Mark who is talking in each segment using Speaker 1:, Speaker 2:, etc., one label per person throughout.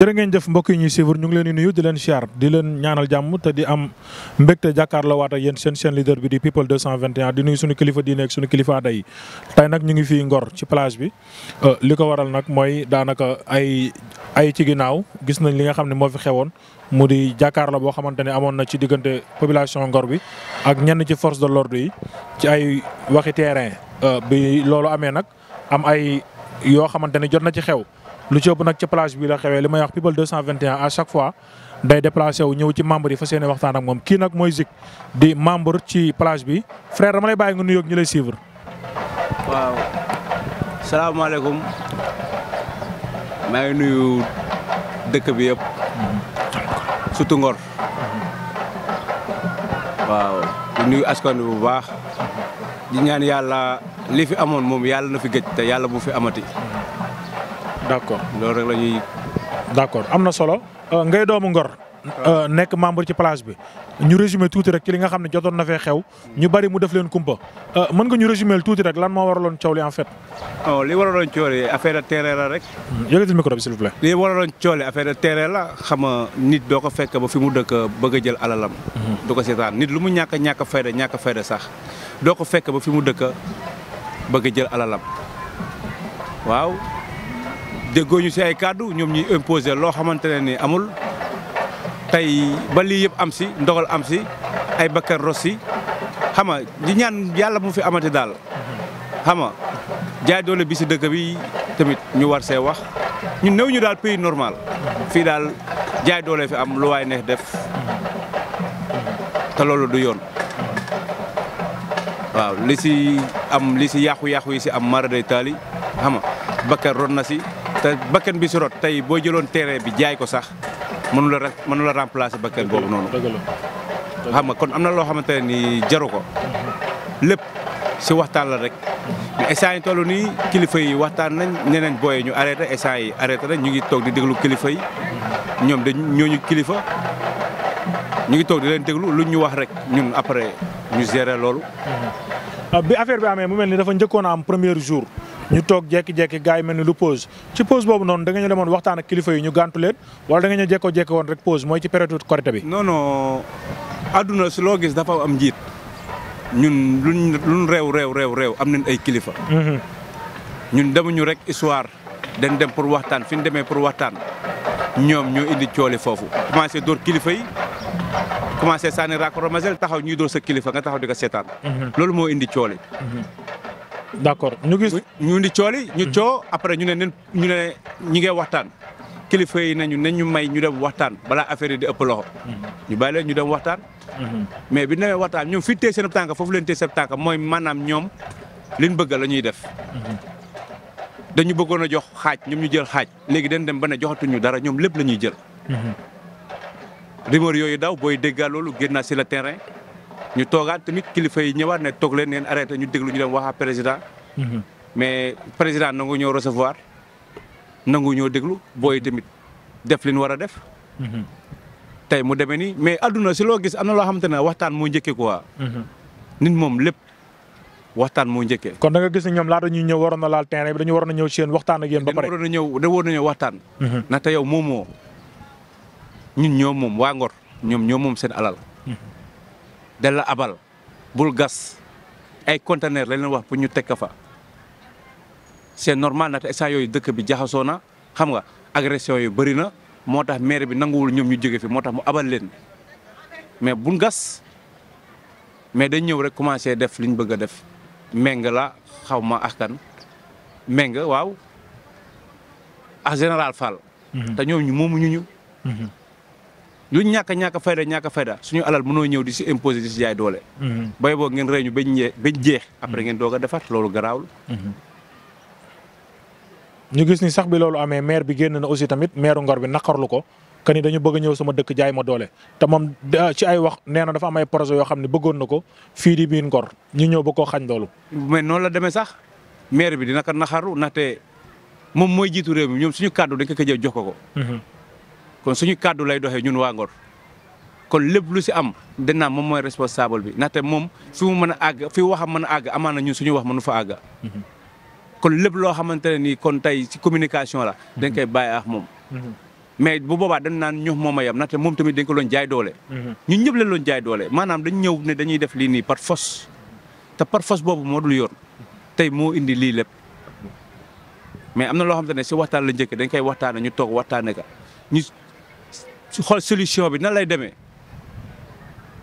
Speaker 1: jërë ngeen jëf mbokk yi ñuy suivre ñu ngi leen di nuyu di leen siyaar di leen ñaanal jàmm te di am mbégte jàkkaarloo waat ak yéen seen seen leader bi di people 221 di nuyu suñu kilifa diine ak suñu kilifa aada yi tey nag ñu ngi fii Ngor ci plage bi euh, li ko waral nag mooy daanaka ay ay ci ginnaaw gis nañ li nga xam ne moo fi xewoon mu di jàkkaarloo boo xamante ne amoon na ci diggante population Ngor bi ak ñenn ci force de l'ordre yi ci ay waxi terrain euh, bi loolu amee nag am ay yoo xamante ne jot na ci xew lu ci ëpp nag ca plage bi la xewee li may wax people 221 à chaque fois day déplacé wu ñëw ci membre yi fa seen waxtaan ak moom kii nag mooy Zik di membre ci plage bi frère dama lay bàyyi nga nuyoog ñu lay suivre.
Speaker 2: waaw salaamaaleykum maa ngi nuyu dëkk bi yëpp surtout Ngor waaw di nuyu askan bi bu baax di ñaan yàlla li fi amoon moom yàlla na fi gëj te yàlla bu fi amati. d' accord loolu rek la ñuy. d' accord
Speaker 1: am na solo. Euh, ngay doomu Ngor. Euh, nekk membre ci place bi. ñu résumé tuuti rek ci li nga xam ne jotoon na fee xew. Hmm. ñu bari mu def leen kumpa. Euh, mën nga ñu résumé tuuti rek lan moo waraloon coow li en fait.
Speaker 2: oh li waraloon coow li affaire terrain la rek.
Speaker 1: Hmm, yëkkatil micro bi s'il vous plaît.
Speaker 2: li waraloon coow li affaire terrain la xam nga nit doo ko fekk ba fi mu dëkk bëgg a jël alalam. Hmm. du ko seetaan nit lu mu ñàkk a ñàkk a fayda ñàkk a fayda sax doo ko fekk ba fi mu dëkk bëgg a jël alalam waaw. déggoo ñu si ay kàddu ñoom ñu imposer loo xamante ne ni amul tey ba lii yëpp am si ndogal am si ay bakkan ros si xama nga di ñaan yàlla mu fi amati daal xam nga jaay doole bi si dëkk bi tamit ñu war see wax ñun néew ñu daal pays normal fii daal jaay doole fi am lu waay neex def te loolu du yoon waaw li si am li si yàqu-yàqu yi si am mara day taali xam bakkan ron na si te bakkan bi si tey boo jëloon terrain bi jaay ko sax mënu la mënu la remplacer bakkan boobu noonu. xam nga kon am na loo xamante ne nii jaru ko lépp si waxtaan la rek. mais instant yi toll nii kilifa yi waxtaan nañ ñeneen booyee ñu arrêté instant yi arrêté nañ ñu ngi toog di déglu kilifa ñoom dañ ñooñu kilifa ñu ngi toog di leen déglu luñ ñu wax rek ñun après ñu gérer loolu.
Speaker 1: Ah, bi affaire bi amee mu mel ni dafa njëkkoon a am premier jour. ñu toog jekki-jekki gars yi mel ni lu pause ci pause boobu noonu da nga ñu demoon waxtaan ak kilifa ñu gàntu leen wala da nga ñu jekkoo jekki woon rek pause mooy ci période Korité bi. non adduna si loo gis
Speaker 2: dafa am njiit ñun lu luñ réew réew réew réew am nañ ay kilifa. Mhm. ñun demuñu rek histoire dañ dem pour waxtaan fi ñu demee pour waxtaan ñoom ñoo indi coole foofu. commencé door kilifa yi. commencé sànni raako ramasel taxaw ñuy dóor sa kilifa nga taxaw di ko seetaan. Mhm. loolu moo indi coole. Mhm. d' accord ñu gis. ñu di cooli ñu coo après ñu ne nen ñu ne ñi ngay waxtaan kilifa yi nañu ñu may ñu dem waxtaan balaa affaire yi di ëpp mhm. ñu bàyyi leen ñu dem waxtaan. Mhm. mais bi ne waxtaan ñoom fi téye seen tànk foofu leen téye seen tànk mooy maanaam ñoom liñ bëgg la ñuy def. Mhm. dañu bëggoon a jox xaaj ñoom ñu jël xaaj léegi dañ dem ba ne joxatuñu dara ñoom lépp la ñuy jël. rumeur yooyu daw booy déggal loolu génn naa si le terrain. ñu toogaat tamit kilifa yi ñëwaat na toog leen ngeen arrêté ñu déglu ñu dem waxaa président. Mhm. mais président nangu ñoo recevoir nangu ñoo déglu booy tamit def li ñu war a def. Mhm. tey mu demee nii mais adduna si loo gis am na loo xam ne waxtaan moo njëkkee quoi. Mhm. nit moom lépp waxtaan moo jëkke
Speaker 1: kon da nga gis ñoom laa ñuy ñëw waroon laal terrain bi dañu waroon na ñëw si yéen waxtaan ak yéen ba pare. dañu waroon na ñëw da waroon na ñëw waxtaan.
Speaker 2: moomoo ñun ñoo moom waa Ngor ñoom ñoo moom seen alal. da la abal bul gas ay conteneur lañ leen wax pour ñu teg fa c'est normal na te saa yooyu dëkk bi jaxasoo na xam nga agression yi bëri na moo tax maire bi nanguwul ñoom ñu jóge fi moo tax mu abal leen mais bul gas mais dañ ñëw rek commencé def liñ bëgg a def méng la xawma ma askan méng waaw ak général Fall mhm. te ñoom ñu moomuñu ñu mhm. lu ñàkk ñàkk fayda ñàkk fayda suñu alal mënoo ñëw di si imposer di si doole. Mhm. bay boo ngeen rey ñu bañ ñee bañ jeex. après mhm. ngeen doog a defar loolu
Speaker 1: mhm. gis ni sax bi loolu amee maire bi génn na aussi tamit maire Ngor bi naqarlu ko que ni dañu bëgg a ñëw sama dëkk jaay ma doole te moom ci ay wax nee na dafa am projet yoo xam ne bëggoon na ko fii di biir Ngor ñu ñëw ba koo xañ loolu.
Speaker 2: mais noonu la demee sax maire bi dina ko naqarlu ndaxte moom mooy jiitu réew mi ñoom suñu kàddu dañ ko jël jox ko. kon suñu kàddu lay doxee ñun waa Ngor kon lépp lu si am dinaa moom mooy responsable bi ndaxte moom fi mu mën a àgg fi waxam mën a àgg amaana ñun suñu wax mënu fa àgg. Mhm. kon lépp loo xamante ne nii kon tey ci communication la. Mhm. dañ koy bàyyi ak moom. Mhm. mais bu boobaa dañ naan ñox moom a yem ndaxte moom tamit dañ ko doon jaay doole. ñun ñëpp leen doon jaay doole maanaam dañ ñëw ne dañuy def lii nii par force te par force boobu moo dul yoon tey moo indi lii lépp. mais am na loo xamante ne si waxtaan la njëkk dañ koy waxtaanee ñu toog waxtaanee xool solution bi nan lay demee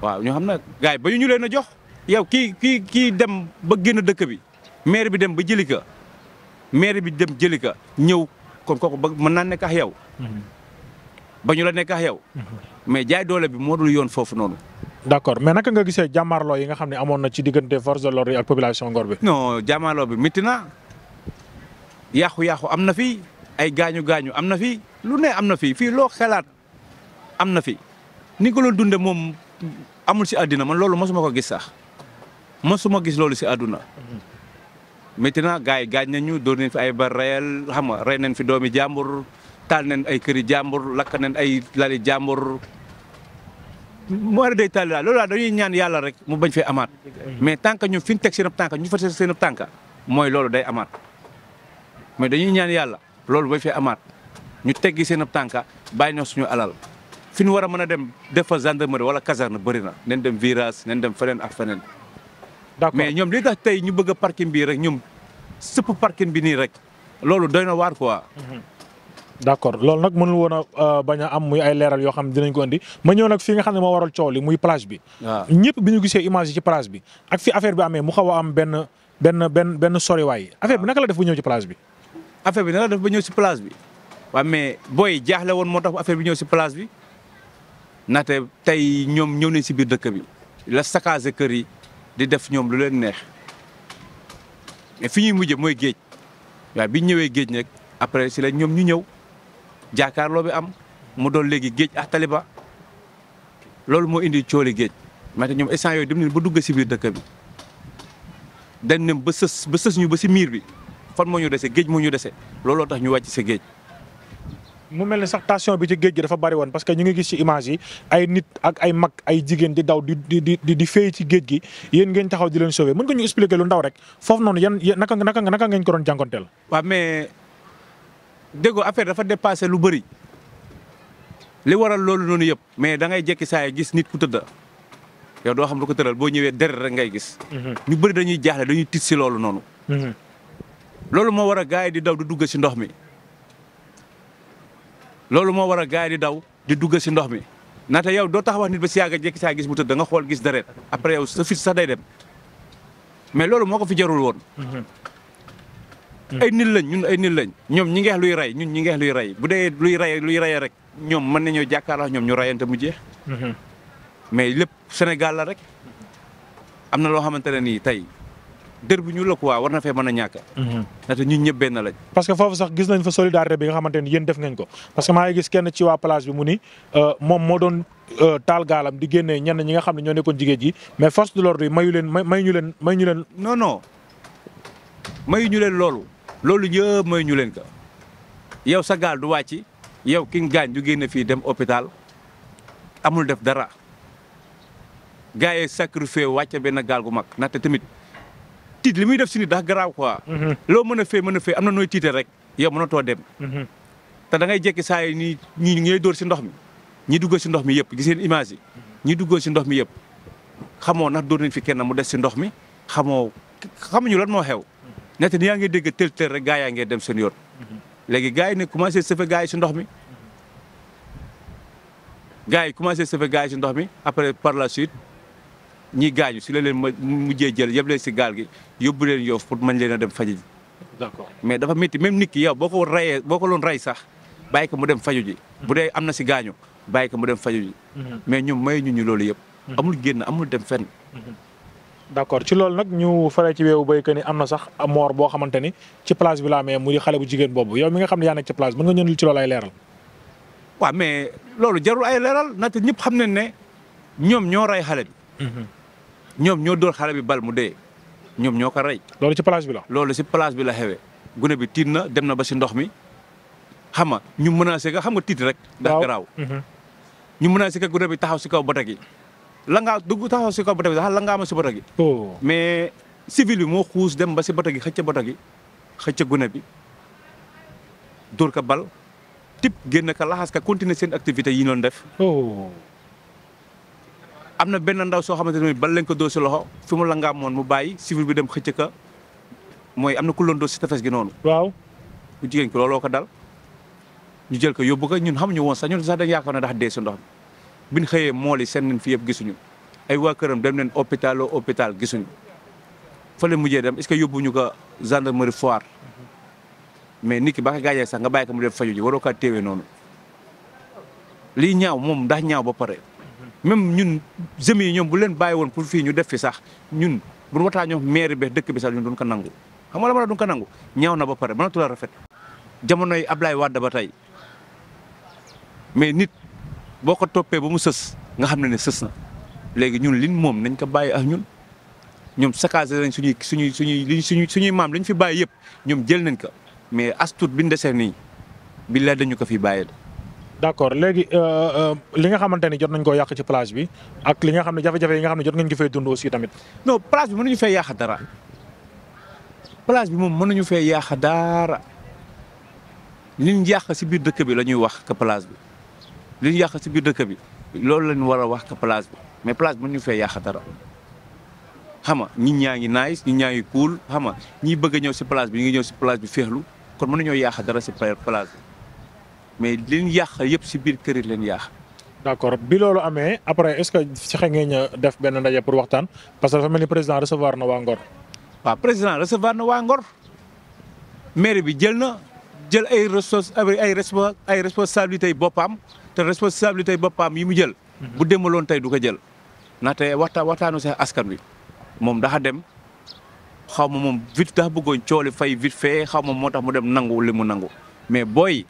Speaker 2: waaw ñoo xam na gars yi ba ñu leen a jox yow kii kii kii dem ba génn dëkk bi maire bi dem ba jëli ka maire bi dem jëli ka ñëw kon kooku ba mën naa nekk ak yow. Mhm. ba ñu la nekk ak yow. Mhm. mais jaay doole bi moo dul yoon foofu noonu.
Speaker 1: d'accord mais naka nga gisee jàmmaarloo yi nga xam ne amoon na ci diggante force de l'ordre ak population Ngor bi.
Speaker 2: non jàmmaarloo bi métti na yàqu-yàqu am na fi ay gaañu gaañu am na fi lu ne am na fi fii loo xalaat. am na fi ni ko loolu dundee moom amul si àddina man loolu mosuma ko gis sax mosuma gis loolu si àdduna. maintenant gars yi gaañ nañu dóor nañ fi ay bar reyal xam nga rey nañ fi doomi jàmbur taal nañ ay këri jàmbur lakk nañ ay lali jàmbur. moo war a day taal daal loolu daal dañuy ñaan yàlla rek mu bañ fee amaat mais tant que ñu fi ñu teg seen tànk ñu fa seen tànk mooy loolu day amaat mais dañuy ñaan yàlla loolu bañ fee amaat ñu teggi seen tànk bàyyi na suñu alal. fi ñu war a mën a dem def fa gendarmerie wala caserne bëri na nañ dem virage nañ dem ak feneen. d'accord mais ñoom li tax tey ñu bëgg a parking bii rek ñoom sëpp parking bi nii rek loolu doy na waar quoi.
Speaker 1: Mhm. d'accord loolu nag mënul woon euh, a am muy ay leeral yoo xam ne dinañ ko indi ma ñëw nag fii xam ne moo waral coow li muy plage bi. waaw ah. ñu gisee image yi ci bi ak fi affaire bi amee mu xaw a am benn benn benn benn soriwaay affaire bi ah. naka la def ba ñëw ci plage bi.
Speaker 2: affaire bi naka la def ba ñëw bi. waaw booy jaaxle woon moo tax affaire bi ñëw si plage bi. ndaxte tey ñoom ñëw nañ si biir dëkk bi la saccagé kër yi di def ñoom lu leen neex mais fi ñuy mujjee mooy géej waaw bi ñëwee géej nag après si la ñoom ñu ñëw jàkkaarloo bi am mu doon léegi géej ak taliba loolu moo indi coole géej mate ñoom instant yooyu dem nañ ba dugg si biir dëkk bi dañ ne ba sës ba ñu ba si miir bi fan moo ñu dese géej moo ñu dese looloo tax ñu wàcc si géej
Speaker 1: mu mel ne sax tension bi ci géej gi dafa bari woon parce que ñu ngi gis ci image yi ay nit ak ay mag ay jigéen di daw di di di di féey ci géej gi yéen ngeen taxaw di leen sauver mën nga ñu expliquer lu ndaw rek foofu noonu yan naka naka naka ngeen ko doon jànkonteel.
Speaker 2: waaw mais déggoo affaire dafa dépassé lu bëri li waral loolu noonu yëpp mais da ngay jekki saa yi gis nit ku tëdd yow doo xam lu ko tëral boo ñëwee deret rek ngay gis. Mhm. ñu bëri dañuy jaaxle dañuy tiit si loolu noonu. Mhm. loolu moo war a gars yi di daw di dugg si ndox mi. loolu moo war a gars di daw di dugg si ndox mi naata yow doo tax wax nit ba si yàgg jékki saa gis mu tëdd da nga xool gis deret après yow sa fit sax day dem mais loolu moo ko fi jarul woon. Mm-hmm. ay nit lañ ñun ay nit lañ ñoom ñi ngeex luy rey ñun ñi ngeex luy rey bu dee luy rey luy rey rek ñoom mën nañoo jàkkaarloo ñoom ñu reyante mu jeex. Mm-hmm. mais lépp Sénégal la rek am na loo xamante ne nii tey. dër bu ñu la waa war na fee man a ñàkk. ndaxte mhm. ñun ñëpp benn lañ.
Speaker 1: parce que foofu sax gis nañ fa solidarité bi nga xamante ni def ngeen ko parce que maa ngi gis kenn ci waa place bi mu ni euh, moom moo doon euh, taal gaalam di génnee ñenn ñi nga xam ne ñoo nekkoon jigéen ji mais force de l'ordre yi mayu leen may ñu leen may ñu leen. mayu ñu leen
Speaker 2: loolu loolu yëpp mayu ñu leen ko yow sa gaal du wàcc yow ki nga gaañ du génne fii dem hôpital amul def dara gars yi sacrifié wàcce benn gaal gu mag ndaxte tamit. tiit li muy def si nit dax garaaw ko mhm. loo mën a fee mën a fee am na nooy tiite rek yow too dem. Mhm. te da jekki saa yi nii ñii ngay dóor si ndox mi ñi dugg si ndox mi yëpp giseen image yi. ñi dugg si ndox mi yëpp xamoo ndax dóor nañ fi kenn mu def si ndox mi xamoo xamuñu lan moo xew. nett ni yaa ngi dégg tël tël rek gaa yaa ngi dem seen yoon. Mhm. léegi gaa yi ne commencé sëfe gaa yi si ndox mi. yi commencé sëfe yi ndox mi après par la suite. ñi gaañu si la leen ma mujjee jël yëpp leen si gaal gi yóbbu leen yoof pour mën leen a dem faju ji mais dafa métti même nit ki yow boo ko rayee boo doon ray sax bàyyi ko mu dem faju ji bu dee am na si gaañu bàyyi ko mu dem faju ji mhm. mais ñoom may ñu ñu loolu yëpp mhm. amul génn amul dem fenn
Speaker 1: mhm. d'accord ci loolu nag ñu fare ci weewu béykat ni am na sax moor boo xamante ni ci place bi la amee mu di xale bu jigéen boobu yow mi nga xam ne yaa nekk ci place mën ay leeral waaw
Speaker 2: mais ñëpp xam nañ ne ñoom ñoo ray xale bi ñoom ñoo dóor xale bi bal mu dee ñoom ñoo ko rey. loolu ci place bi la. loolu ci place bi la xewee gune bi tiit na dem na ba si ndox mi xam nga ñu menacé ka xam nga tiit rek. ndax garaaw mhm. ñu mën menacé ka gune bi taxaw si kaw bata gi. la ngaa dugg taxaw ci kaw bata gi la ngaa ma ci bata gi. Oh. mais civil bi moo xuus dem ba si bata gi xëcc bata gi xëcc gune bi dóor ka bal tip génn ka laxas ka continuer seen activité yi ñu doon def. Oh. am na benn ndaw soo xamante ne bal lañ ko dóor si loxo fi mu langaam moon mu bàyyi civil bi dem xëcc ka mooy am na ku loon dóor si tefes gi noonu. waaw bu jigéen ki looloo ko dal ñu jël ko yóbbu ko ñun xamuñu woon sax sax dañu yaakaar ne dax dee si ndox mi biñ xëyee mool yi seen nañ fi yëpp gisuñu ay waa këram dem nañ hôpital au hôpital gisuñu fa la mujjee dem est-ce que yóbbuñu ko gendarmerie foire mais nit ki ba ko gaañee sax nga bàyyi ko mu def faju ji waroo ka téewee noonu lii ñaaw moom ndax ñaaw ba pare. même ñun jeunes yi ñoom bu leen bàyyi woon pour fii ñu def fi sax ñun bu ñu wataa ñoo maire bee dëkk bi sax ñun duñ ko nangu xam nga la ma la duñ ko nangu ñaaw na ba pare mënatu la rafet jamonoy Ablaye Wade ba tey mais nit boo ko toppee ba mu sës nga xam ne ne sës na léegi ñun liñ moom nañ ko bàyyi ak ñun ñoom saccagé nañ suñuy suñuy suñuy liñ suñuy maam liñ fi bàyyi yëpp ñoom jël nañ ko mais as tuut biñ desee nii billaay dañu ko fi bàyyi
Speaker 1: d' accord léegi euh, euh, li nga xamante ni jot nañ koo yàq ci plage bi ak li nga xam ne jafe-jafe yi nga xam ne jot ngeen ko fay dund aussi tamit. non plage bi mënuñu fee yàq dara plage bi moom mënuñu fee
Speaker 2: yàq dara liñ yàq si biir dëkk bi la ñuy wax que bi liñ yàq si biir dëkk bi loolu la lañ war a wax que plage bi mais plage bi mënuñu fee yàq dara. xam nga nit ñaa ngi nice nit ñaa ngi cool xam nga ñiy bëgg a ñëw si plage bi ñu ngi ñëw si plage bi féexlu kon nañoo yàq dara si plage bi. mais liñ yàq yëpp si biir
Speaker 1: kër yi leen yàq. d' accord bi loolu amee après est ce que fexe def benn ndaje pour waxtaan parce que dafa mel ni président recevoir na waa Ngor. waaw président recevoir na waa Ngor
Speaker 2: maire bi jël na jël ay ressources ay ay responsabilités boppam te responsabilité boppam yi mu jël. Mhm. bu demaloon tey du ko jël. ndaxte waxtaan waxtaanu sax askan wi moom daxa dem xaw ma moom vite dax bëggoon coole fay vite fee xaw ma moo tax mu dem nangu li mu nangu mais booy.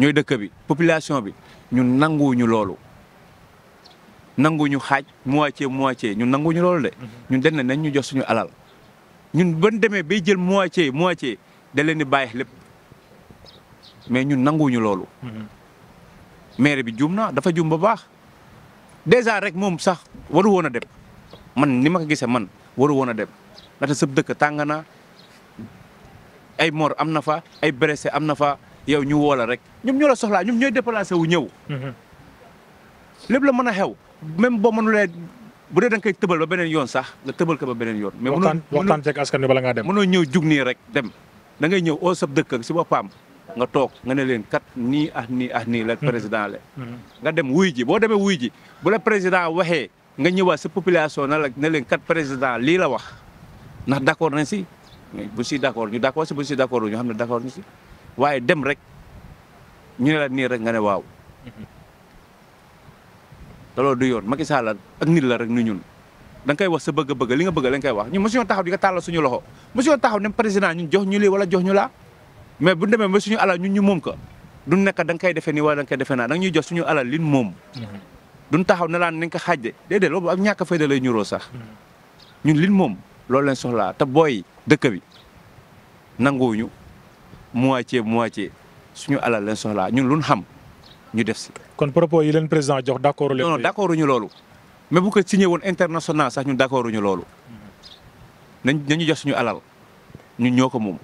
Speaker 2: ñooy dëkk bi population bi ñun nanguwuñu loolu nanguwuñu xaaj moitié moitié ñun ñu loolu de. ñun dañ ne nañ ñu jox suñu alal ñun ban demee bay jël moitié moitié da leen di bàyyi lépp mais ñun nanguwuñu loolu. maire bi jum na dafa juum ba baax déjà rek moom sax waru woon a dem man ni ma ko gisee man waru woon a dem ndaxte sëb dëkk tàng na ay mor am na fa ay blessé am na fa. yow ñu woola rek ñoom ñoo la soxlaa ñoom ñooy déplacé wu ñëw. Mhm. lépp la mën a xew même boo mënulee bu dee da nga koy tëbal ba beneen yoon sax nga tëbal ko ba beneen yoon. mais waxtaan waxtaan ceeg askan wi bala ngaa dem. mënoo ñëw jug nii rek dem da ngay ñëw oo sab dëkk si boppam nga toog nga ne leen kat nii ah nii ah nii la mhm. président la. Mhm. nga dem wuy ji boo demee wuy ji bu la président waxee nga ñëwaat sa population na la ne leen kat président lii la wax ndax d' accord nañ si bu si d' ñu d' si bu si d' ñu xam ne d' si. waaye dem rek ñu ne la nii rek nga ne waaw
Speaker 1: mhm.
Speaker 2: te loolu du yoon Macky Sall ak nit la rek nu ñun da kay wax sa bëgg-bëgg li nga bëgg lañ koy wax ñun mosuñoo taxaw di ko tàllal suñu loxo mosuñoo taxaw ne président ñun jox ñu lii jox ñu laa mais bu demee ba suñu alal ñun ñu moom ko du nekk da nga koy defee nii wala da koy defee naa da nga ñuy suñu alal lin moom mhm. duñ taxaw ne laan nañ ko xaaj de déedéet loolu ak ñàkk fayda lay ñuroo sax mhm. ñun lin moom loolu lañ soxlaa te booy dëkk bi nanguwuñu ci moitié moitié suñu alal leen soxlaa ñun luñ xam ñu def si.
Speaker 1: kon propos yi leen président jox d' accord. non non d'
Speaker 2: ñu loolu. mais bu ko signé woon international sax ñun d' accord ñu loolu. nañ suñu alal ñun ñoo ko moom.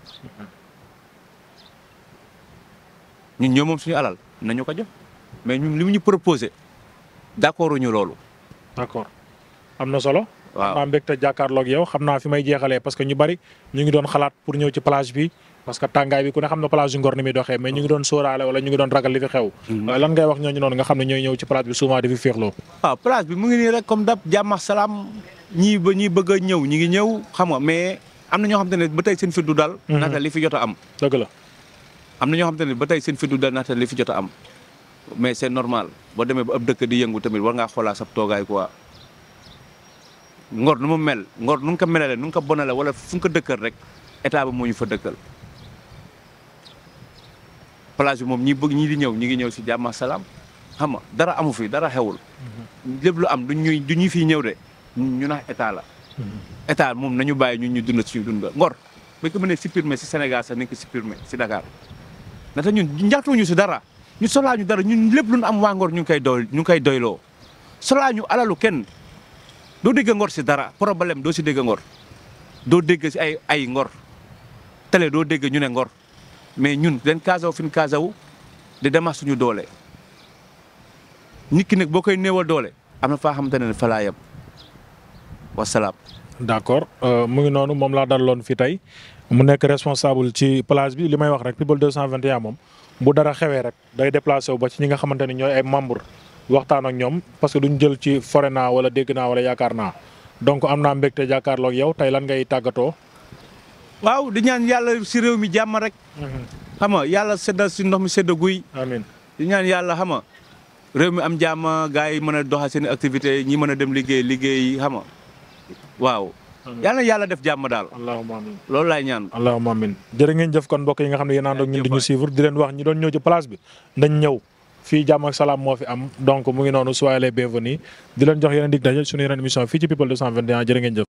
Speaker 2: ñun ñoo moom suñu alal nañu ko jox mais ñun li mu ñu proposé d' accord ñu loolu.
Speaker 1: d' accord am na solo. waaw maa mbégte loog yow xam naa fi may jeexalee parce que ñu bari ñu ngi doon xalaat pour ñëw ci plage bi. parce que tàngaay bi ku ne xam na place yu ngor ni muy doxee mais ñu ngi doon sóoraale wala ñu ngi doon ragal li fi xew hmm. lan ngay wax ñooñu noonu nga xam ne ñooy ñëw ci place bi souvent di fi féexloo ah, bi mu ngi nii rek comme dab jàmm salaam
Speaker 2: ba ñi bëgg ñëw ñi ngi ñëw xam nga mais am na ñoo xam te ne ba tey seen fit du dal hmm. ndaxte li fi jot am dëgg la am na ñoo xam te ne ba tey seen fit du dal li fi jot am mais c'est normal boo demee ba ab dëkk di yëngu tamit war ngaa xoolaa sab toogaay quoi ngor nu mu mel ngor nu nga ko melalee nu nga ko bonalee wala fu nga ko dëkkal rek état moo ñu fa dëkkal plage bi moom ñi bëgg ñi di ñëw ñi ngi ñëw si jàmm salaam xam nga dara amu fi dara xewul. Mhm. lépp lu am du ñuy du ñu ñëw de ñu nax état la. Mhm. état moom nañu bàyyi ñun ñu dund si dund ngor ba ko mënee supprimer si Sénégal si nañ ko supprimer si Dakar na te ñun njaatuñu si dara ñu solaa ñu dara ñun lépp lu am waa ngor ñu ngi koy doy ñu ngi koy doyloo solaa ñu alalu kenn doo dégg ngor si dara problème doo si dégg ngor doo dégg si ay ay ngor télé doo dégg ñu ne ngor. mais ñun den kaasaw fi ñu kaasaw di demax suñu doole
Speaker 1: nit ki nag boo koy néewal doole am na faa xamante ne fa laa yem wasalaam. d'accord euh, mu ngi noonu moom laa dalaloon fi tey mu nekk responsable ci plage bi li may wax rek People 221 moom bu dara xewee rek day déplacé wu ba ci ñi nga xamante ne ñooy ay membre waxtaan ak ñoom parce que duñ jël ci fore na wala dégg naa wala yaakaar naa donc am naa mbégte jàkkaarloog yow tey lan ngay tàggatoo.
Speaker 2: waaw di ñaan yàlla si réew mi jàmm rek. Mhm. xam nga yàlla seddal si ndox mi sedd guy. amiin di ñaan yàlla xam nga réew mi am jàmm gars yi mën a doxal seen activité ñi mën a dem liggéey liggéey xam nga waaw. yàlla na yàlla def jàmm daal.
Speaker 1: loolu laay ñaan. allahumma amiin jërë ngeen jëf kon mbokk yi nga xam ne yéen ànd ak ñu suivre di leen wax ñi doon ñëw ci place bi nañ ñëw fii jàmm salaam moo fi am donc mu ngi noonu soyez les bienvenus di leen jox yeneen dig suñu yeneen émission fii ci people